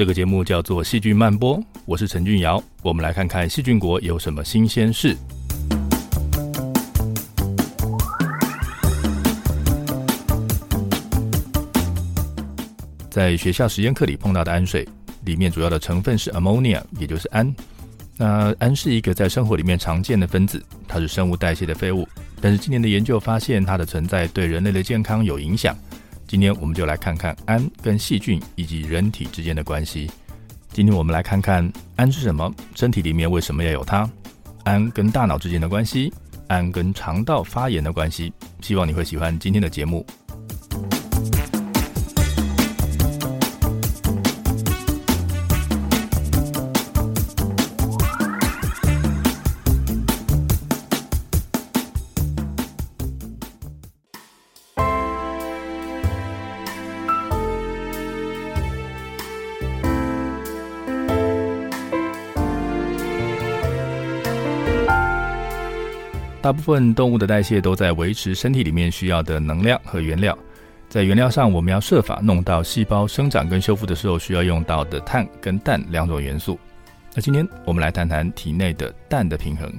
這個節目叫做《細菌曼波》，我是陳俊堯，我們來看看細菌國有什麼新鮮事。在學校實驗課裡碰到的氨水，裡面主要的成分是 ammonia，也就是氨。那氨是一個在生活裡面常見的分子，它是生物代謝的廢物，但是近年的研究發現，它的存在對人類的健康有影響。今天我們就來看看氨跟細菌以及人體之間的關係。今天我們來看看氨是什麼，身體裡面為什麼要有它？氨跟大腦之間的關係，氨跟腸道發炎的關係。希望你會喜歡今天的節目。大部分動物的代謝都在維持身體裡面需要的能量和原料，在原料上，我們要設法弄到細胞生長跟修復的時候需要用到的碳跟氮兩種元素。那今天我們來談談體內的氮的平衡。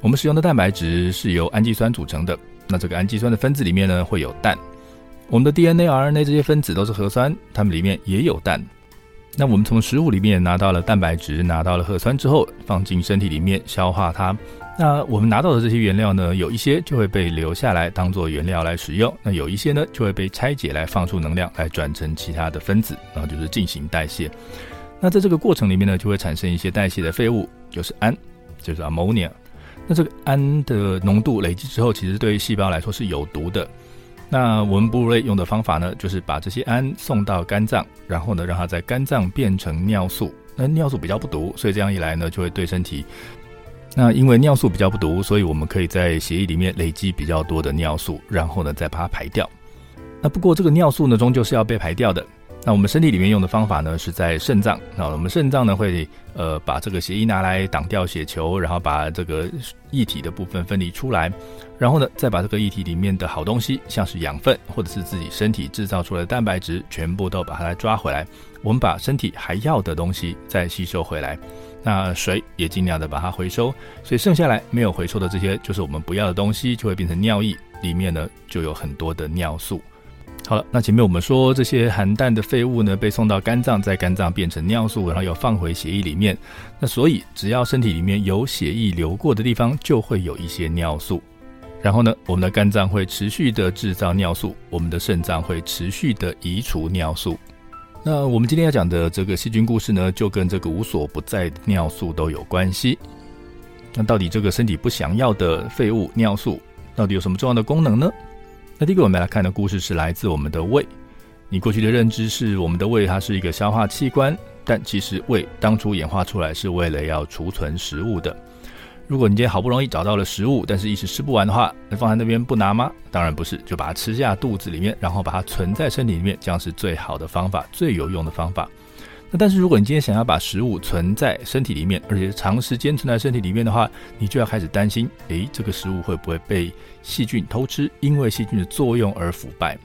我們使用的蛋白質是由氨基酸組成的，那這個氨基酸的分子裡面呢會有氮。我們的 DNA、RNA 這些分子都是核酸，它們裡面也有氮。那我們從食物裡面拿到了蛋白質，拿到了核酸之後，放進身體裡面消化它。那我們拿到的這些原料呢，有一些就會被留下來當做原料來使用，那有一些呢就會被拆解來放出能量，來轉成其他的分子，然後就是進行代謝。那在這個過程裡面呢，就會產生一些代謝的廢物，就是氨，就是 ammonia。那這個氨的濃度累積之後，其實對於細胞來說是有毒的。那我們哺乳類用的方法呢，就是把這些氨送到肝臟，然後呢讓它在肝臟變成尿素。那尿素比較不毒，所以這樣一來呢，就會對身體。那因為尿素比較不毒，所以我們可以在血液裡面累積比較多的尿素，然後呢再把它排掉。那不過這個尿素呢終究是要被排掉的。那我們身體裡面用的方法呢是在腎臟，那我們腎臟呢會呃把這個血液拿來擋掉血球，然後把這個液體的部分分離出來，然後呢再把這個液體裡面的好東西，像是養分或者是自己身體制造出來的蛋白質，全部都把它來抓回來。我們把身體還要的東西再吸收回來，那水也盡量的把它回收，所以剩下來沒有回收的這些就是我們不要的東西，就會變成尿液，裡面呢就有很多的尿素。好了，那前面我們說這些含氮的廢物呢被送到肝臟，在肝臟變成尿素，然後又放回血液裡面。那所以只要身體裡面有血液流過的地方，就會有一些尿素。然後呢，我們的肝臟會持續的制造尿素，我們的腎臟會持續的移除尿素。那我們今天要講的這個細菌故事呢，就跟這個無所不在的尿素都有關係。那到底這個身體不想要的廢物尿素，到底有什麼重要的功能呢？那第一個我們來看的故事是來自我們的胃。你過去的認知是我們的胃它是一個消化器官，但其實胃當初演化出來是為了要儲存食物的。如果你今天好不容易找到了食物，但是一時吃不完的話，那放在那邊不拿嗎？當然不是，就把它吃下肚子裡面，然後把它存在身體裡面，這樣是最好的方法，最有用的方法。那但是如果你今天想要把食物存在身體裡面，而且長時間存在身體裡面的話，你就要開始擔心，誒，這個食物會不會被細菌偷吃，因為細菌的作用而腐敗。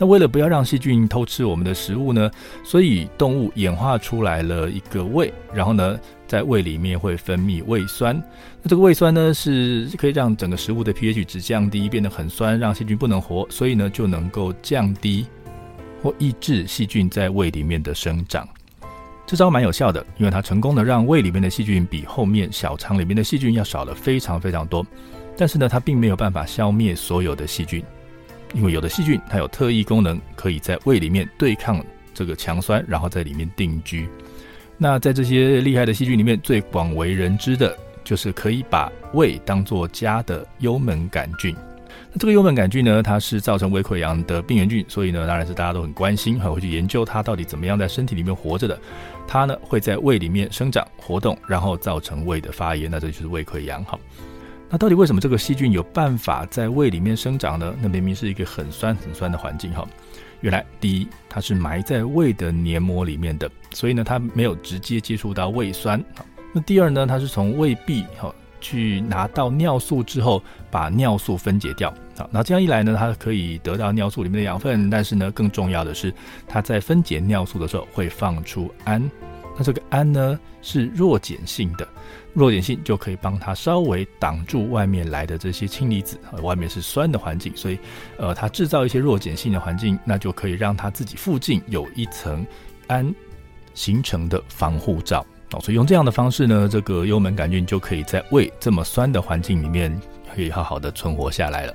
那為了不要讓細菌偷吃我們的食物呢，所以動物演化出來了一個胃，然後呢？在胃裡面會分泌胃酸，那這個胃酸呢，是可以讓整個食物的 pH 值降低，變得很酸，讓細菌不能活，所以呢就能夠降低或抑制細菌在胃裡面的生長。這招蠻有效的，因為它成功的讓胃裡面的細菌比後面小腸裡面的細菌要少了非常非常多。但是呢，它並沒有辦法消滅所有的細菌，因為有的細菌它有特異功能，可以在胃裡面對抗這個強酸，然後在裡面定居。那在這些厲害的細菌裡面，最廣為人知的就是可以把胃當作家的幽門桿菌。那這個幽門桿菌呢，它是造成胃潰瘍的病原菌，所以呢，當然是大家都很關心，哈，會去研究它到底怎麼樣在身體裡面活着的。它呢會在胃裡面生長活動，然後造成胃的發炎，那這就是胃潰瘍哈。那到底為什麼這個細菌有辦法在胃裡面生長呢？那明明是一個很酸很酸的環境哈。原來，第一，它是埋在胃的黏膜裡面的，所以呢，它沒有直接接觸到胃酸。那第二呢，它是從胃壁、哦、去拿到尿素之後，把尿素分解掉。那這樣一來呢，它可以得到尿素裡面的養分，但是呢，更重要的是，它在分解尿素的時候會放出氨。那這個氨呢，是弱鹼性的，弱鹼性就可以幫它稍微擋住外面來的這些氫離子，外面是酸的環境，所以呃，它製造一些弱鹼性的環境，那就可以讓它自己附近有一層氨形成的防護罩哦，所以用這樣的方式呢，這個幽門桿菌就可以在胃這麼酸的環境裡面可以好好的存活下來了。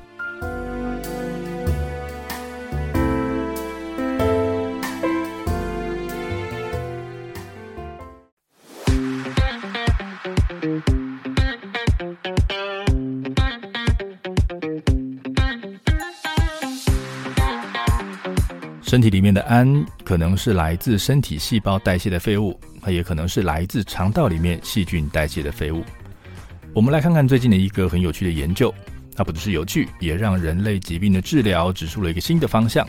身體裡面的氨可能是來自身體細胞代謝的廢物，也可能是來自腸道裡面細菌代謝的廢物。我們來看看最近的一個很有趣的研究，它不只是有趣，也讓人類疾病的治療指出了一個新的方向。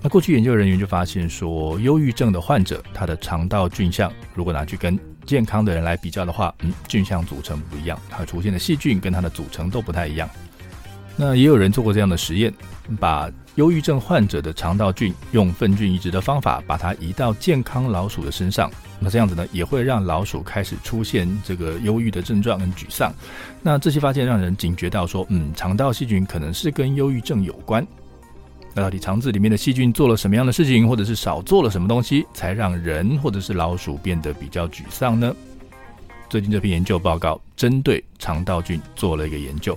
那過去研究人員就發現說，憂鬱症的患者他的腸道菌相，如果拿去跟健康的人來比較的話，嗯，菌相組成不一樣，它出現的細菌跟它的組成都不太一樣。那也有人做過這樣的實驗，把。憂鬱症患者的腸道菌用糞菌移植的方法把它移到健康老鼠的身上，那這樣子呢，也會讓老鼠開始出現這個憂鬱的症狀跟沮喪。那這些發現讓人警覺到說，嗯，腸道細菌可能是跟憂鬱症有關。那到底腸子裡面的細菌做了什麼樣的事情，或者是少做了什麼東西，才讓人或者是老鼠變得比較沮喪呢？最近這篇研究報告針對腸道菌做了一個研究，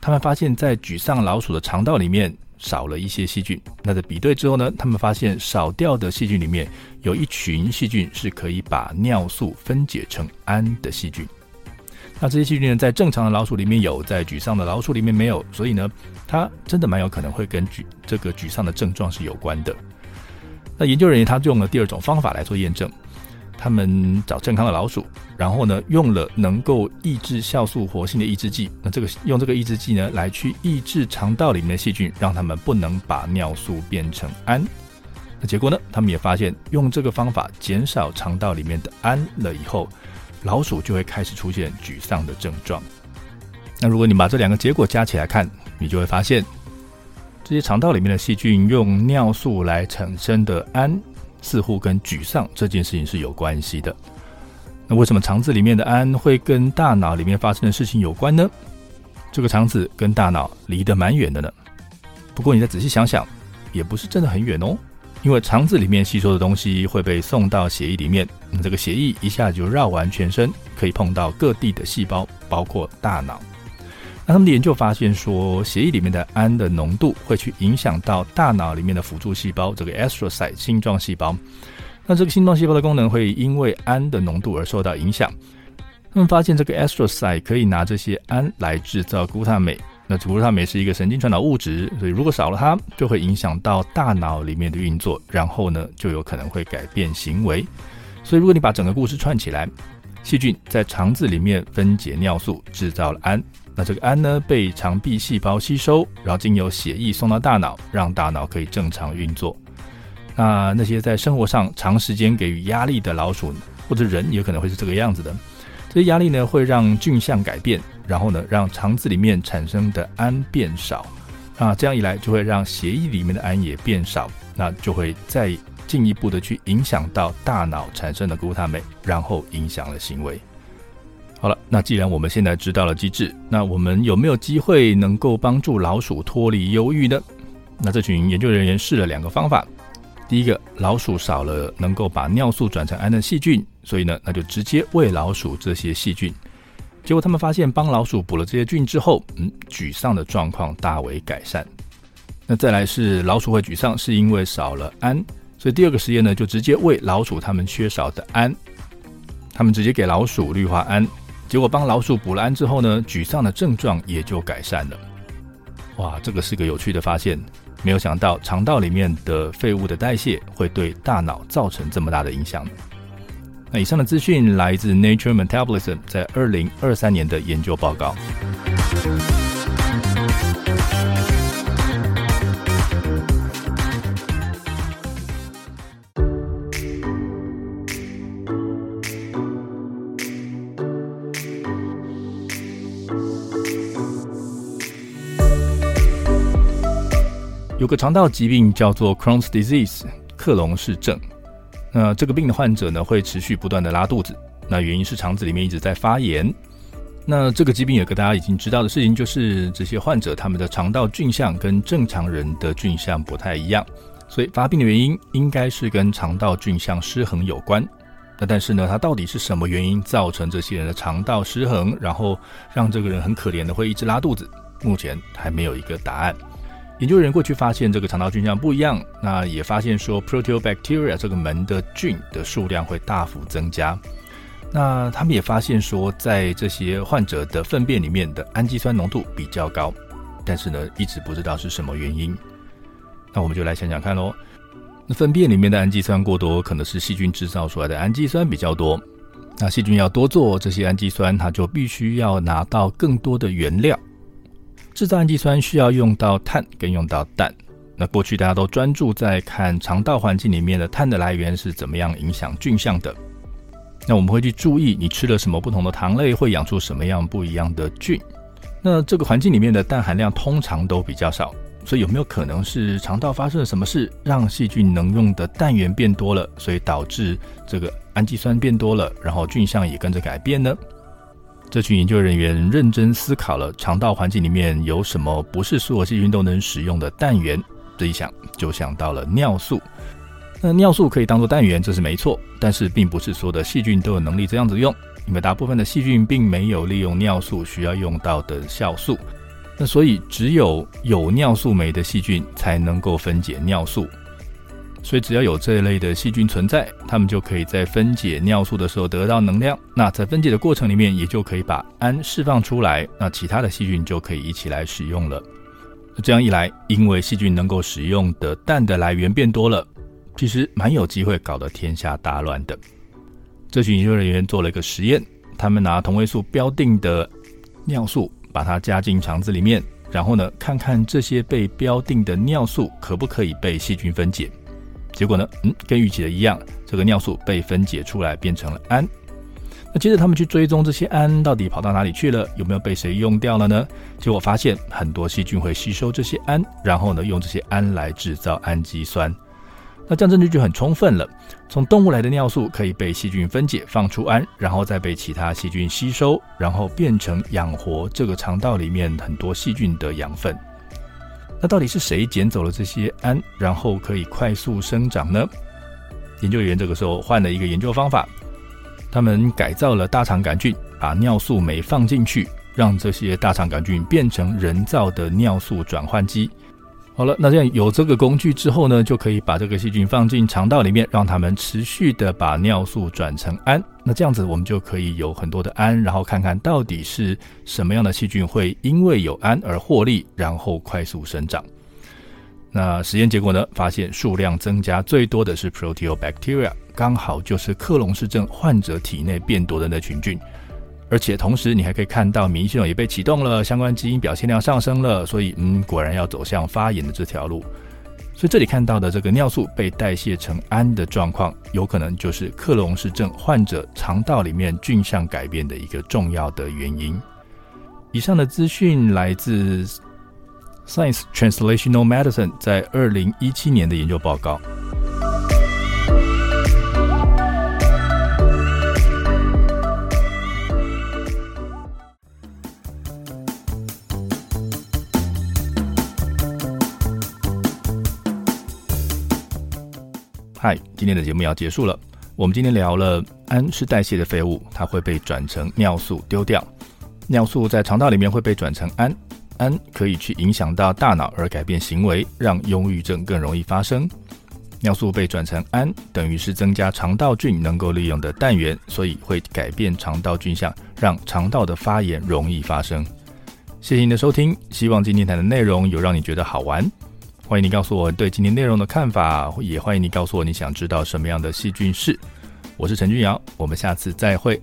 他們發現在沮喪老鼠的腸道裡面，少了一些細菌，那在比對之後呢，他們發現少掉的細菌裡面有一群細菌是可以把尿素分解成氨的細菌。那這些細菌呢，在正常的老鼠裡面有，在沮喪的老鼠裡面沒有，所以呢，它真的蠻有可能會跟沮這個沮喪的症狀是有關的。那研究人員他用了第二種方法來做驗證。他們找健康的老鼠，然後呢，用了能夠抑制酵素活性的抑制劑。那這個用這個抑制劑呢，來去抑制腸道裡面的細菌，讓他們不能把尿素變成氨。那結果呢，他們也發現用這個方法減少腸道裡面的氨了以後，老鼠就會開始出現沮喪的症狀。那如果你把這兩個結果加起來看，你就會發現這些腸道裡面的細菌用尿素來產生的氨，似乎跟沮喪這件事情是有關係的。那為什麼腸子裡面的氨會跟大腦裡面發生的事情有關呢？這個腸子跟大腦離得蠻遠的呢。不過你再仔細想想，也不是真的很遠哦。因為腸子裡面吸收的東西會被送到血液裡面，這個血液一下就繞完全身，可以碰到各地的細胞，包括大腦。那他們的研究發現說，血液裡面的氨的濃度會去影響到大腦裡面的輔助細胞，這個 astrocyte 星狀細胞。那這個星狀細胞的功能會因為氨的濃度而受到影響。他們發現這個 astrocyte 可以拿這些氨來製造穀氨酸。那穀氨酸是一個神經傳導物質，所以如果少了它，就會影響到大腦裡面的運作，然後呢，就有可能會改變行為。所以如果你把整個故事串起來。細菌在腸子裡面分解尿素，製造了氨。那這個氨呢，被腸壁細胞吸收，然後經由血液送到大腦，讓大腦可以正常運作。那那些在生活上長時間給予壓力的老鼠，或者人也可能會是這個樣子的。這些壓力呢，會讓菌相改變，然後呢，讓腸子裡面產生的氨變少。啊，這樣一來就會讓血液裡面的氨也變少，那就會在。.進一步的去影響到大腦產生的谷氨酸，然後影響了行為。好了，那既然我們現在知道了機制，那我們有沒有機會能夠幫助老鼠脫離憂鬱呢？那這群研究人員試了兩個方法。第一個，老鼠少了能夠把尿素轉成氨的細菌，所以呢，那就直接餵老鼠這些細菌。結果他們發現，幫老鼠補了這些菌之後，嗯，沮喪的狀況大為改善。那再來是老鼠會沮喪，是因為少了氨。所以第二個實驗呢，就直接餵老鼠他們缺少的氨，他們直接給老鼠氯化氨。結果幫老鼠補了氨之後呢，沮喪的症狀也就改善了。哇，這個是個有趣的發現，沒有想到腸道裡面的廢物的代謝會對大腦造成這麼大的影響。那以上的資訊來自《Nature Metabolism》在二零二三年的研究報告。有個腸道疾病叫做 Crohn's disease（ 克隆氏症）。那這個病的患者呢，會持續不斷的拉肚子。那原因是腸子裡面一直在發炎。那這個疾病有個大家已經知道的事情，就是這些患者他們的腸道菌相跟正常人的菌相不太一樣。所以發病的原因應該是跟腸道菌相失衡有關。那但是呢，它到底是什麼原因造成這些人的腸道失衡，然後讓這個人很可憐的會一直拉肚子？目前還沒有一個答案。研究人過去發現，這個腸道菌相不一樣，那也發現說，Proteobacteria 這個門的菌的數量會大幅增加。那他們也發現說，在這些患者的糞便裡面的氨基酸濃度比較高，但是呢，一直不知道是什麼原因。那我們就來想想看咯。那糞便裡面的氨基酸過多，可能是細菌製造出來的氨基酸比較多。那細菌要多做這些氨基酸，它就必須要拿到更多的原料。製造氨基酸需要用到碳跟用到氮。那過去大家都專注在看腸道環境裡面的碳的來源是怎麼樣影響菌相的。那我們會去注意你吃了什麼不同的糖類會養出什麼樣不一樣的菌。那這個環境裡面的氮含量通常都比較少，所以有沒有可能是腸道發生了什麼事，讓細菌能用的氮源變多了，所以導致這個氨基酸變多了，然後菌相也跟着改變呢？這群研究人員認真思考了腸道環境裡面有什麼不是所有細菌都能使用的氮源，這一想就想到了尿素。那尿素可以當做氮源，這是沒錯，但是並不是所有的細菌都有能力這樣子用，因為大部分的細菌並沒有利用尿素需要用到的酵素。那所以只有有尿素酶的細菌才能夠分解尿素。所以，只要有這一類的細菌存在，它們就可以在分解尿素的時候得到能量。那在分解的過程裡面，也就可以把氨釋放出來。那其他的細菌就可以一起來使用了。這樣一來，因為細菌能夠使用的氮的來源變多了，其實蠻有機會搞得天下大亂的。這群研究人員做了一個實驗，他們拿同位素標定的尿素，把它加進腸子裡面，然後呢，看看這些被標定的尿素可不可以被細菌分解。結果呢，嗯，跟預期的一樣，這個尿素被分解出來變成了氨。那接着他們去追蹤這些氨到底跑到哪裡去了，有沒有被誰用掉了呢？結果發現很多細菌會吸收這些氨，然後呢，用這些氨來制造氨基酸。那這樣證據就很充分了，從動物來的尿素可以被細菌分解，放出氨，然後再被其他細菌吸收，然後變成養活這個腸道裡面很多細菌的養分。那到底是誰撿走了這些氨，然後可以快速生長呢？研究員這個時候換了一個研究方法，他們改造了大腸桿菌，把尿素酶放進去，讓這些大腸桿菌變成人造的尿素轉換機。好了，那這樣有這個工具之後呢，就可以把這個細菌放進腸道裡面，讓他們持續的把尿素轉成氨。那這樣子，我們就可以有很多的氨，然後看看到底是什麼樣的細菌會因為有氨而獲利，然後快速生長。那實驗結果呢？發現數量增加最多的是 Proteobacteria，剛好就是克隆氏症患者體內變多的那群菌。而且同時，你還可以看到，免疫系統也被啟動了，相關基因表現量上升了，所以，嗯，果然要走向發炎的這條路。所以這裡看到的這個尿素被代謝成氨的狀況，有可能就是克隆氏症患者腸道裡面菌相改變的一個重要的原因。以上的資訊來自 Science Translational Medicine 在二零一七年的研究報告。嗨，今天的節目要結束了。我們今天聊了，氨是代謝的廢物，它會被轉成尿素丟掉。尿素在腸道裡面會被轉成氨，氨可以去影響到大腦而改變行為，讓憂鬱症更容易發生。尿素被轉成氨，等於是增加腸道菌能夠利用的氮源，所以會改變腸道菌相，讓腸道的發炎容易發生。謝謝您的收聽，希望今天談的內容有讓你覺得好玩。歡迎你告訴我對今天內容的看法，也歡迎你告訴我你想知道什麼樣的細菌是。我是陳俊陽，我們下次再會。